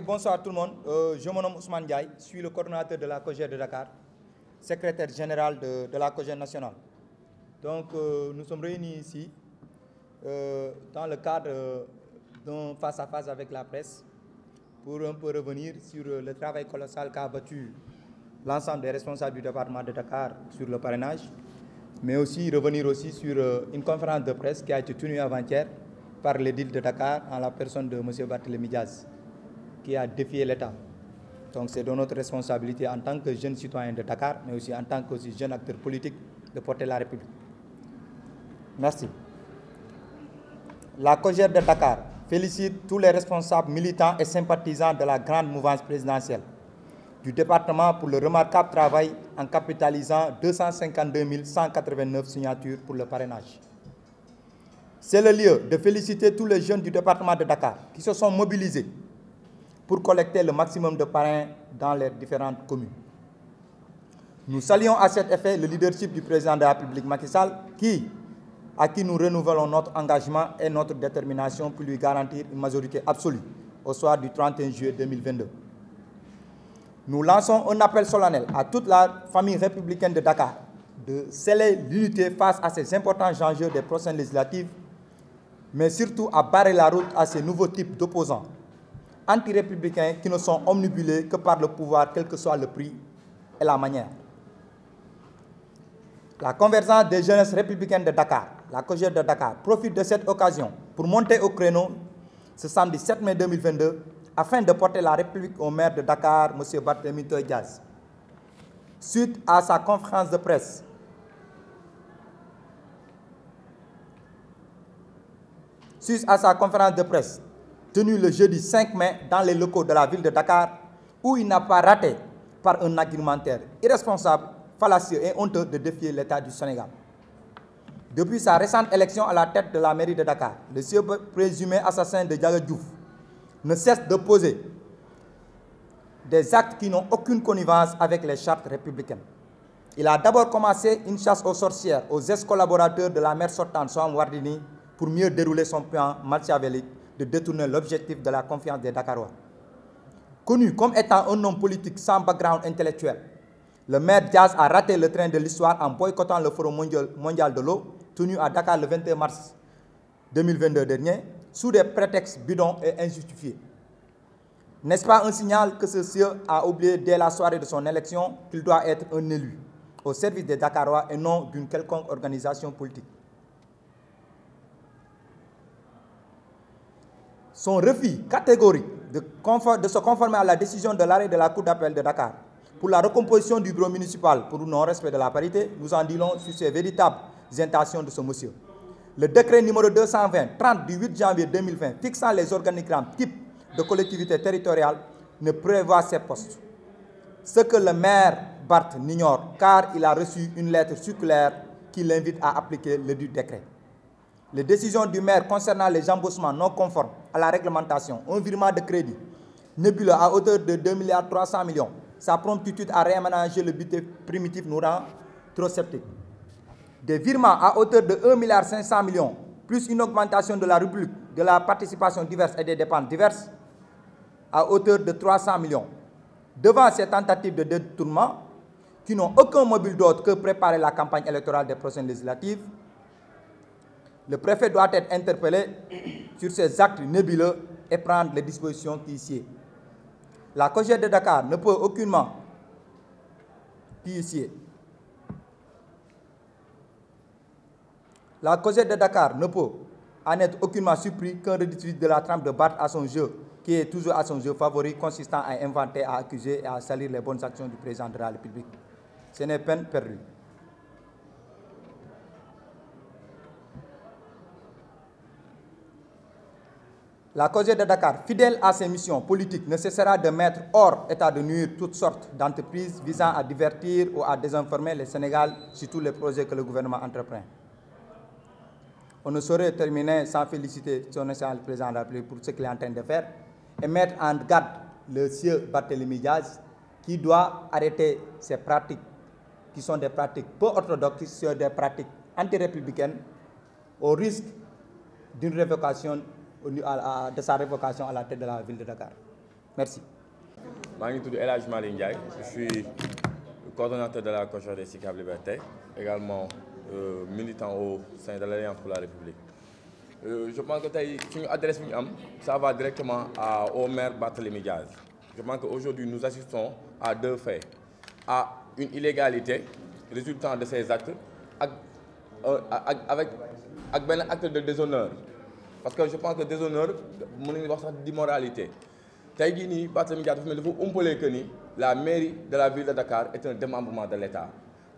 bonsoir tout le monde. Euh, je me nomme Ousmane Diaye, je suis le coordonnateur de la COGE de Dakar, secrétaire général de, la COGE nationale. Donc, euh, nous sommes réunis ici euh, dans le cadre d'un face-à-face avec la presse pour un peu revenir sur le travail colossal qu'a battu l'ensemble des responsables du département de Dakar sur le parrainage, mais aussi revenir aussi sur une conférence de presse qui a été tenue avant-hier par l'édile de Dakar en la personne de M. Barthélémy Diaz qui a défié l'État. Donc c'est de notre responsabilité en tant que jeunes citoyens de Dakar, mais aussi en tant que jeunes acteurs politiques, de porter la République. Merci. La Cogère de Dakar félicite tous les responsables militants et sympathisants de la grande mouvance présidentielle du département pour le remarquable travail en capitalisant 252 189 signatures pour le parrainage. C'est le lieu de féliciter tous les jeunes du département de Dakar qui se sont mobilisés pour collecter le maximum de parrains dans les différentes communes. Nous saluons à cet effet le leadership du président de la République Macky Sall, qui, à qui nous renouvelons notre engagement et notre détermination pour lui garantir une majorité absolue au soir du 31 juillet 2022. Nous lançons un appel solennel à toute la famille républicaine de Dakar de sceller l'unité face à ces importants enjeux des prochaines législatives, mais surtout à barrer la route à ces nouveaux types d'opposants anti-républicains qui ne sont omnibulés que par le pouvoir, quel que soit le prix et la manière. La convergence des jeunesses républicaines de Dakar, la cogère de Dakar, profite de cette occasion pour monter au créneau ce samedi 7 mai 2022 afin de porter la République au maire de Dakar, M. Barthélemy Diaz. Suite à sa conférence de presse, suite à sa conférence de presse, tenu le jeudi 5 mai dans les locaux de la ville de Dakar, où il n'a pas raté, par un argumentaire irresponsable, fallacieux et honteux, de défier l'État du Sénégal. Depuis sa récente élection à la tête de la mairie de Dakar, le présumé assassin de Diaga Diouf ne cesse de poser des actes qui n'ont aucune connivence avec les chartes républicaines. Il a d'abord commencé une chasse aux sorcières, aux ex-collaborateurs de la maire sortante, Wardini, pour mieux dérouler son plan machiavélique de détourner l'objectif de la confiance des Dakarois. Connu comme étant un homme politique sans background intellectuel, le maire Diaz a raté le train de l'histoire en boycottant le Forum mondial, de l'eau tenu à Dakar le 21 mars 2022 dernier sous des prétextes bidons et injustifiés. N'est-ce pas un signal que ce a oublié dès la soirée de son élection qu'il doit être un élu au service des Dakarois et non d'une quelconque organisation politique son refus catégorique de, se conformer à la décision de l'arrêt de la Cour d'appel de Dakar pour la recomposition du bureau municipal pour non-respect de la parité, nous en disons sur ces véritables intentions de ce monsieur. Le décret numéro 220-30 du 8 janvier 2020 fixant les organigrammes type de collectivité territoriale ne prévoit ces postes. Ce que le maire Barthes n'ignore car il a reçu une lettre circulaire qui l'invite à appliquer le du décret les décisions du maire concernant les remboursements non conformes à la réglementation, un virement de crédit nébuleux à hauteur de 2,3 milliards sa promptitude à réaménager le budget primitif nous rend trop sceptiques. Des virements à hauteur de 1,5 milliard plus une augmentation de la rubrique de la participation diverse et des dépenses diverses à hauteur de 300 millions. Devant ces tentatives de détournement, qui n'ont aucun mobile d'autre que préparer la campagne électorale des prochaines législatives, le préfet doit être interpellé sur ces actes nébuleux et prendre les dispositions qui La COGER de Dakar ne peut aucunement qui La COGER de Dakar ne peut en être aucunement surpris qu'un redistribut de la trame de battre à son jeu, qui est toujours à son jeu favori, consistant à inventer, à accuser et à salir les bonnes actions du président de la République. Ce n'est peine perdue. La cause de Dakar, fidèle à ses missions politiques, ne cessera de mettre hors état de nuire toutes sortes d'entreprises visant à divertir ou à désinformer le Sénégal sur tous les projets que le gouvernement entreprend. On ne saurait terminer sans féliciter son président de la République pour ce qu'il est en train de faire et mettre en garde le sieur Barthélémy Diaz qui doit arrêter ses pratiques qui sont des pratiques peu orthodoxes, sur des pratiques antirépublicaines au risque d'une révocation de sa révocation à la tête de la ville de Dakar. Merci. Je suis coordonnateur de la Cochon des Liberté, également euh, militant au sein de l'Alliance pour la République. Euh, je pense que une adresse ça va directement à, Omer maire Barthélémy Je pense qu'aujourd'hui, nous assistons à deux faits. À une illégalité résultant de ces actes, euh, avec, avec un acte de déshonneur parce que je pense que déshonneur on nañu wax sax d'immoralité tey jii nii mais Dias mel que la mairie de la ville de Dakar est un démembrement de l'État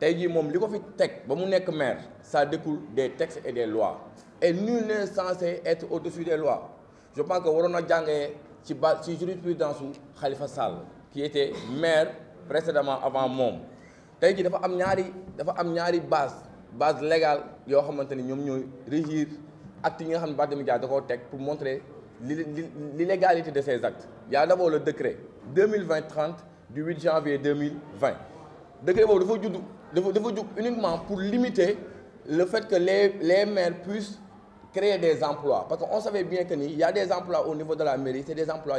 tey jii moom li ko fi teg ba maire ça découle des textes et des lois et nul n'est censé être au-dessus des lois je pense que Warona a jàngee ci jurisprudence Khalifa Sall qui était maire précédemment avant moi. tey il dafa am ñaari dafa am ñaari base base légale yoo xamante ni ñoom régir pour montrer l'illégalité de ces actes il y a d'abord le décret 2020 30 du 8 janvier 2020 Le décret est uniquement pour limiter le fait que les maires puissent créer des emplois parce qu'on savait bien qu'il y a des emplois au niveau de la mairie c'est des emplois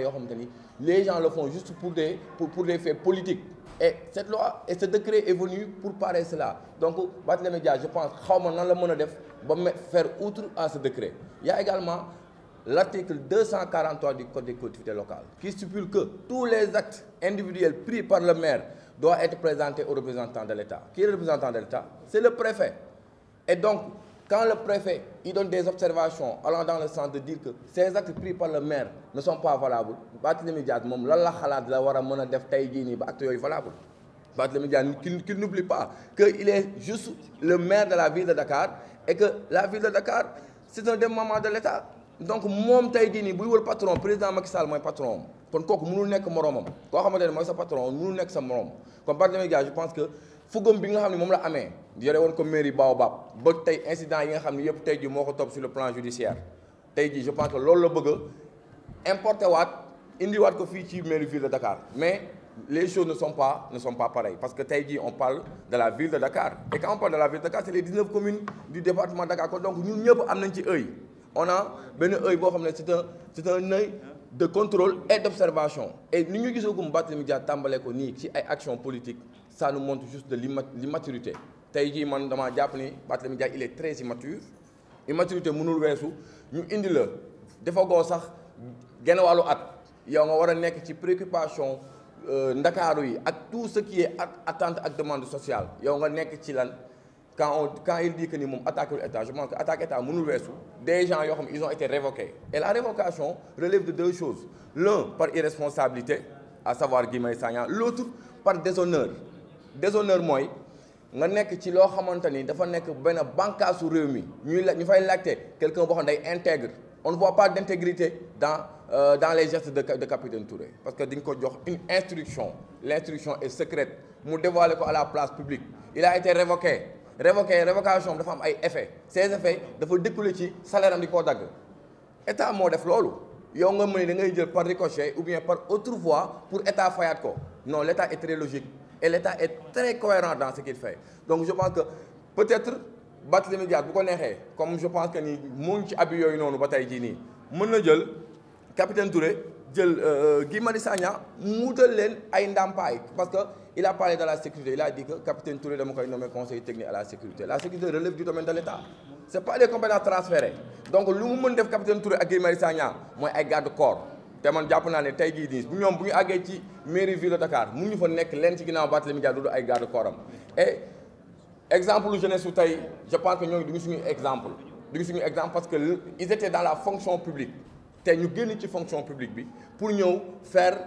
les gens le font juste pour des pour pour des faits politiques et cette loi et ce décret est venu pour parer cela. Donc, les médias, je pense, comment faire outre à ce décret. Il y a également l'article 243 du Code des collectivités locales qui stipule que tous les actes individuels pris par le maire doivent être présentés aux représentant de l'État. Qui est le représentant de l'État C'est le préfet. Et donc, quand le préfet il donne des observations allant dans le sens de dire que ces actes pris par le maire ne sont pas valables Barthélémy Dias moom la xalaat la war def ba valable qu'il n'oublie pas que il est juste le maire de la ville de Dakar et que la ville de Dakar c'est un des moments de l'État donc moom tey jii le buy patron président Macky Sall mooy patron am kon kooku mënul nekk moroomam mon xamante ne mooy sa patron mënul nekk sa moroom kon Barthélémy Dias je pense que fugam bi nga xamni mom la amee yore won ko mairie Baobab ba tay incident yi nga xamni yépp tay ji moko top sur le plan judiciaire tay ji je pense que loolu la bëgg a wat indi wat ko fi ci mairie de Dakar mais les choses ne sont pas ne sont pas pareilles parce que tay ji on parle de la ville de Dakar et quand on parle de la ville de Dakar c'est les 19 communes du département de Dakar donc ñun ñëpp am nañ ci œil on a ben œil bo xamné c'est un c'est un œil de contrôle et d'observation et ni ñu gisagum Barthélémy Dias tàmbale ko ni ci ay actions politiques ça nous montre juste de l'immaturité Aujourd'hui, je man il est très immature immaturité il weesu ñu indi la Il sax genn wàllu at Il nga a nekk ci préoccupation euh, yi ak tout ce qui est attente ak demande sociale yow nga ci lan quand quand il dit que ni attaqué l'État, je pense que attaque état mënul weesu des gens ils ont été révoqués et la révocation relève de deux choses l'un par irresponsabilité à savoir Guimay Marius l'autre par déshonneur déshonneur mooy nga nek ci lo xamante dafa nek benn bànqaasu réew mi ñu fay lacté quelqu'un bo xone day intègre on ne voit pas d'intégrité dans euh, dans les gestes de de capitaine Touré parce que dañ ko jox une instruction l'instruction est secrète mu dévoiler ko à la place publique il a été révoqué révoqué révocation dafa am ay effets ces effets dafa découlé ci salaire am di koo dagg état mo def lolu yow nga mën da ngay jël par ricochet ou bien par autre voie pour état fayat ko non l'état est très logique et l'État est très cohérent dans ce qu'il fait. Donc je pense que peut-être Barthélémy bu ko comme je pense que nous avons eu ci bataille yooyu noonu ba capitaine Touré jël euh, Guy Marius Sagna muutal leen ay parce qu'il a parlé de la sécurité il a dit que le capitaine Touré dama koy nommé conseiller technique à la sécurité la sécurité relève du domaine de l'État Ce c'est pas des compétences transférées donc le mën capitaine Touré et Guy Marius Sagna garde corps te man jàpp naa ne tey jii nii bu ñoom bu de Dakar mun ñu fa nekk leen ci ginnaaw Barthélémy Dias ay garde corps et exemple je pense que nous avons ñu suñu exemple du suñu exemple parce que ils étaient dans la fonction publique Nous ñu génn ci fonction publique bi pour faire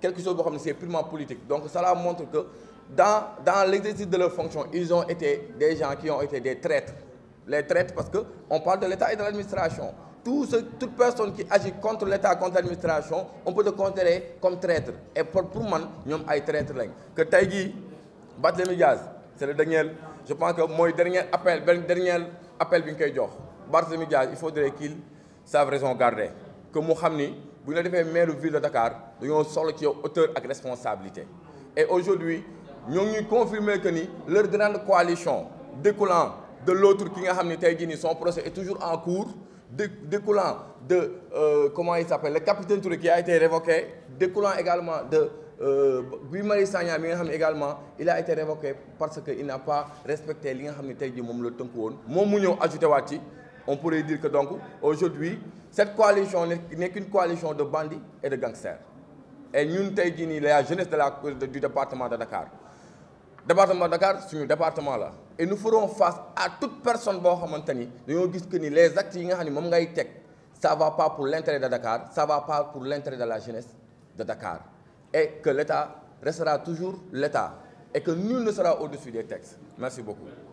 quelque chose de c'est purement politique donc cela montre que dans dans l'exercice de leur fonction ils ont été des gens qui ont été des traîtres les traîtres parce que on parle de l'État et de l'administration tout toute personne qui agit contre l'État, contre l'administration, on peut le considérer comme traître. Et pour, pour moi, nous sommes traîtres. Que Taïgi, les Diaz, c'est le dernier, je pense que mon dernier appel, le dernier appel que je Barthélemy Diaz, il faudrait qu'il sache raison garder. Que Mohamni, vous nous fait maire de ville de Dakar, nous avons qui hauteur et responsabilité. Et aujourd'hui, nous avons confirmé que leur grande coalition découlant de l'autre qui a son procès est toujours en cours découlant de, euh, comment il s'appelle, le capitaine Touré qui a été révoqué, découlant également de euh, Guy Marie également il a été révoqué parce qu'il n'a pas respecté li nga xam ne tey on pourrait dire que donc aujourd'hui cette coalition n'est qu'une coalition de bandits et de gangsters et nous, nous sommes la jeunesse de la du département de Dakar département de Dakar un département là. et nous ferons face à toute personne boo xamante nous Nous que les actes yi nga ne va pas pour l'intérêt de Dakar ça va pas pour l'intérêt de la jeunesse de Dakar et que l'État restera toujours l'État et que nul ne sera au-dessus des textes merci beaucoup